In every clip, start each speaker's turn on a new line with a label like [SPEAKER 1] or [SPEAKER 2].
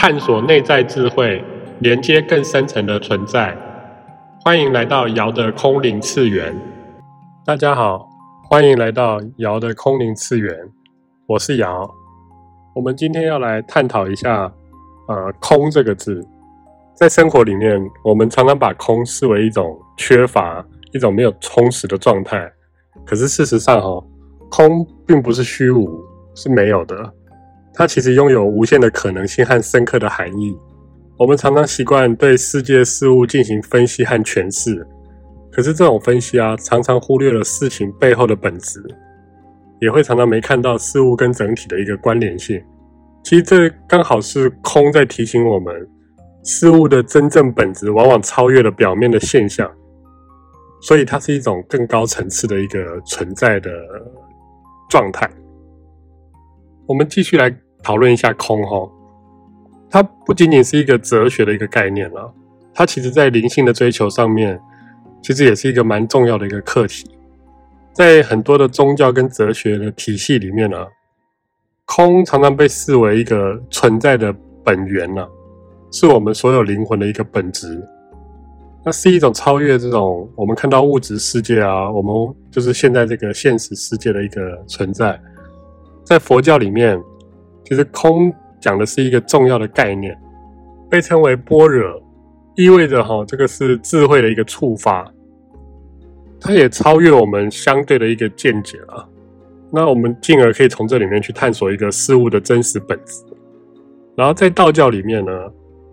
[SPEAKER 1] 探索內在智慧，連接更深層的存在。歡迎來到瑤的空靈次元。大家好，歡迎來到瑤的空靈次元。我是瑤，我們今天要來探討一下，呃，空這個字，在生活裡面，我們常常把空視為一種缺乏、一種沒有充實的狀態。可是事實上，哦，哈，空並不是虛無，是沒有的。它其實擁有無限的可能性和深刻的含義。我們常常習慣對世界事物進行分析和詮釋，可是這種分析啊，常常忽略了事情背後的本質，也會常常沒看到事物跟整體的一個關聯性。其實這剛好是空在提醒我們，事物的真正本質往往超越了表面的現象，所以它是一種更高層次的一個存在的狀態。我們繼續來。討論一下空哈，它不僅僅是一個哲學的一個概念了，它其實，在靈性的追求上面，其實也是一個蠻重要的一個課題。在很多的宗教跟哲學的體系裡面呢，空常常被視為一個存在的本源了，是我們所有靈魂的一個本質。那是一種超越這種我們看到物質世界啊，我們就是現在這個現實世界的一個存在。在佛教裡面，其實空講的是一個重要的概念，被稱為般若，意味着哈，這個是智慧的一個觸發，它也超越我們相對的一個見解啊。那我們進而可以從這裡面去探索一個事物的真實本質。然後在道教裡面呢，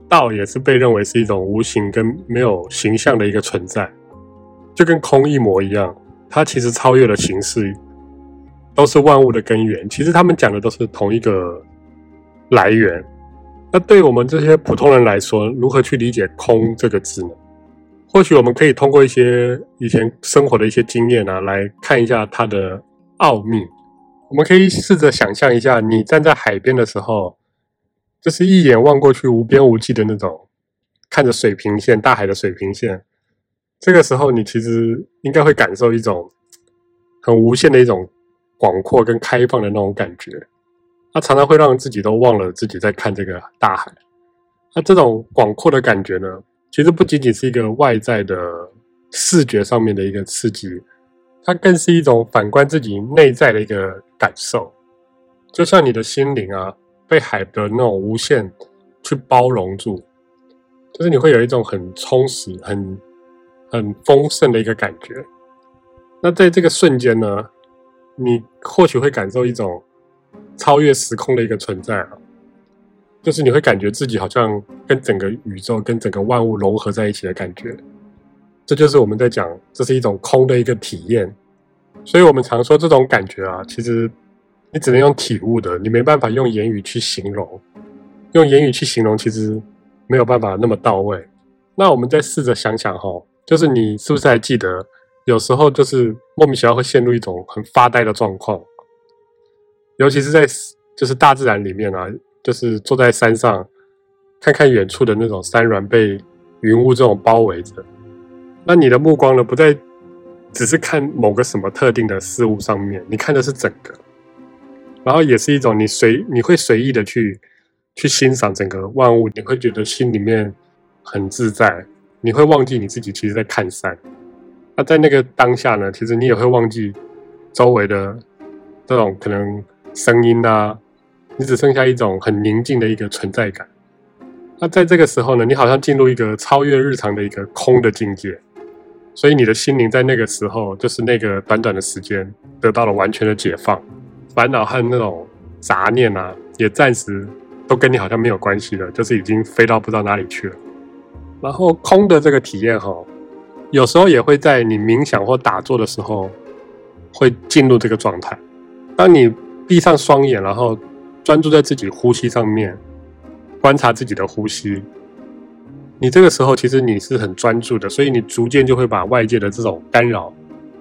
[SPEAKER 1] 道也是被認為是一種無形跟沒有形象的一個存在，就跟空一模一樣，它其實超越了形式。都是萬物的根源。其實他們講的都是同一個來源。那對我們這些普通人來說，如何去理解“空”這個字呢？或許我們可以通過一些以前生活的一些經驗呢啊，來看一下它的奧秘。我們可以試着想象一下，你站在海邊的時候，就是一眼望過去無邊無際的那種，看着水平線、大海的水平線。這個時候，你其實應該會感受一種很無限的一種。廣闊跟開放的那種感覺，它常常會讓自己都忘了自己在看這個大海。那、啊、這種廣闊的感覺呢，其實不僅僅是一個外在的視覺上面的一個刺激，它更是一種反觀自己內在的一個感受。就像你的心靈啊，被海的那種無限去包容住，就是你會有一種很充實、很很豐盛的一個感覺。那在這個瞬間呢，你或許會感受一種超越時空的一個存在，啊，就是你會感覺自己好像跟整個宇宙、跟整個萬物融合在一起的感覺。這就是我們在講，這是一種空的一個體驗。所以我們常說這種感覺啊，其實你只能用體悟的，你沒辦法用言語去形容。用言語去形容，其實沒有辦法那麼到位。那我們再試着想想哈，就是你是不是還記得？有時候就是莫名其妙會陷入一種很發呆的狀況，尤其是在就是大自然裡面啊，就是坐在山上，看看遠處的那種山巒被雲霧這種包圍着，那你的目光呢，不再只是看某個什麼特定的事物上面，你看的是整個，然後也是一種你隨你會隨意的去去欣賞整個萬物，你會覺得心裡面很自在，你會忘記你自己其實，在看山。那在那個當下呢，其實你也會忘記周圍的這種可能聲音啊，你只剩下一種很寧靜的一個存在感。那在這個時候呢，你好像進入一個超越日常的一個空的境界，所以你的心靈在那個時候，就是那個短短的時間，得到了完全的解放，煩惱和那種雜念啊，也暫時都跟你好像沒有關係了，就是已經飛到不知道哪裡去了。然後空的這個體驗哈、哦。有時候也會在你冥想或打坐的時候，會進入這個狀態。當你閉上雙眼，然後專注在自己呼吸上面，觀察自己的呼吸，你這個時候其實你是很專注的，所以你逐漸就會把外界的這種干擾，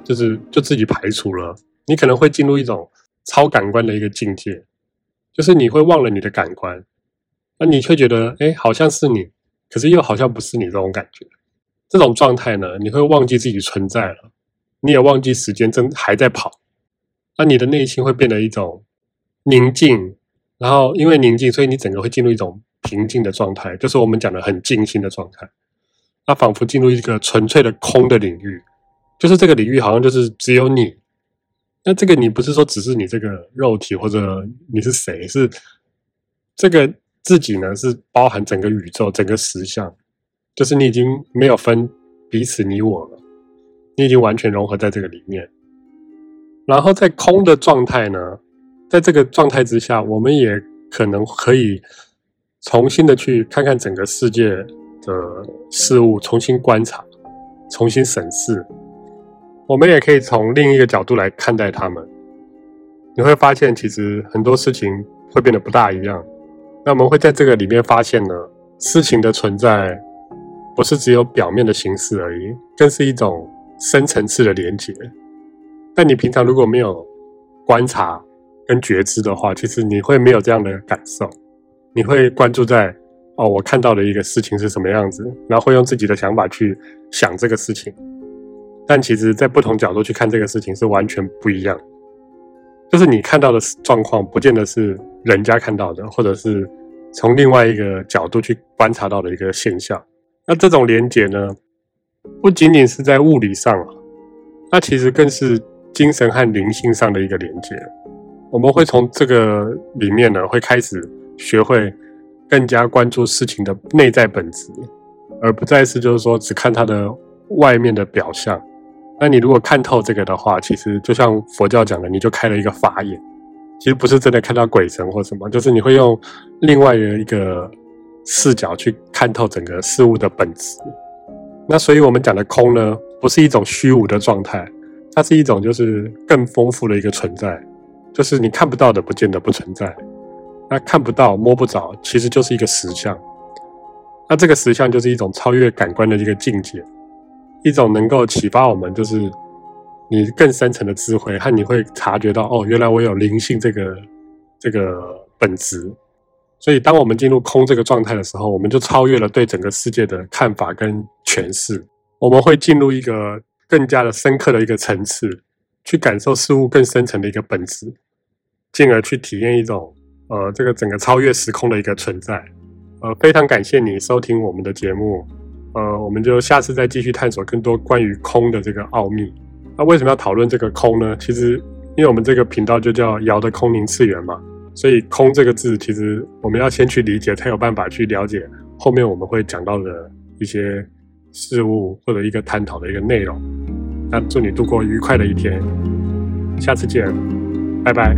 [SPEAKER 1] 就是就自己排除了。你可能會進入一種超感官的一個境界，就是你會忘了你的感官，而你卻覺得，哎，好像是你，可是又好像不是你這種感覺。這種狀態呢，你會忘記自己存在了，你也忘記時間正還在跑，那你的內心會變得一種寧靜，然後因為寧靜，所以你整個會進入一種平靜的狀態，就是我們講的很靜心的狀態。那仿佛進入一個純粹的空的領域，就是這個領域好像就是只有你。那這個你不是說只是你這個肉體或者你是誰，是這個自己呢？是包含整個宇宙、整個實相。就是你已經沒有分彼此你我了，你已經完全融合在這個裡面。然後在空的狀態呢，在這個狀態之下，我們也可能可以重新的去看看整個世界的事物，重新觀察，重新審視。我們也可以從另一個角度來看待他們，你會發現其實很多事情會變得不大一樣。那我們會在這個裡面發現呢，事情的存在。不是只有表面的形式而已，更是一種深層次的連結。但你平常如果沒有觀察跟覺知的話，其實你會沒有這樣的感受。你會關注在哦，我看到的一個事情是什麼樣子，然後會用自己的想法去想這個事情。但其實，在不同角度去看這個事情是完全不一樣的。就是你看到的狀況，不見得是人家看到的，或者是從另外一個角度去觀察到的一個現象。那這種連結呢，不僅僅是在物理上啊，那其實更是精神和靈性上的一個連接。我們會從這個裡面呢，會開始學會更加關注事情的內在本質，而不再是就是說只看它的外面的表象。那你如果看透這個的話，其實就像佛教講的，你就開了一個法眼。其實不是真的看到鬼神或什麼，就是你會用另外的一個。視角去看透整個事物的本質，那所以我們講的空呢，不是一種虛無的狀態，它是一種就是更豐富的一個存在，就是你看不到的，不見得不存在。那看不到、摸不着，其實就是一個實相。那這個實相就是一種超越感官的一個境界，一種能夠啟發我們，就是你更深層的智慧和你會察覺到，哦，原來我有靈性這個這個本質。所以，當我們進入空這個狀態的時候，我們就超越了對整個世界的看法跟詮釋。我們會進入一個更加的深刻的一個層次，去感受事物更深層的一個本質，進而去體驗一種呃，這個整個超越時空的一個存在。呃，非常感謝你收聽我們的節目。呃，我們就下次再繼續探索更多關於空的這個奧秘。那為什麼要討論這個空呢？其實，因為我們這個頻道就叫“搖的空靈次元”嘛。所以“空”這個字，其實我們要先去理解，才有辦法去了解後面我們會講到的一些事物或者一個探討的一個內容。那祝你度過愉快的一天，下次見，拜拜。